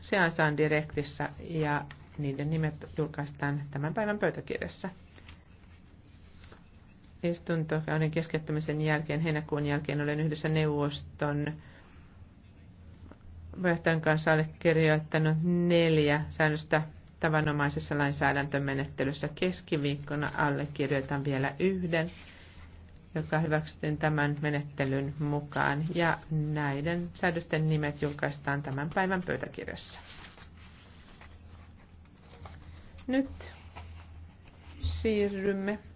seansaan direktissä ja niiden nimet julkaistaan tämän päivän pöytäkirjassa. Istuntokauden keskeyttämisen jälkeen, heinäkuun jälkeen, olen yhdessä neuvoston puheenjohtajan kanssa allekirjoittanut neljä säännöstä tavanomaisessa lainsäädäntömenettelyssä. Keskiviikkona allekirjoitan vielä yhden joka hyväksyttiin tämän menettelyn mukaan. Ja näiden säädösten nimet julkaistaan tämän päivän pöytäkirjassa. Nyt siirrymme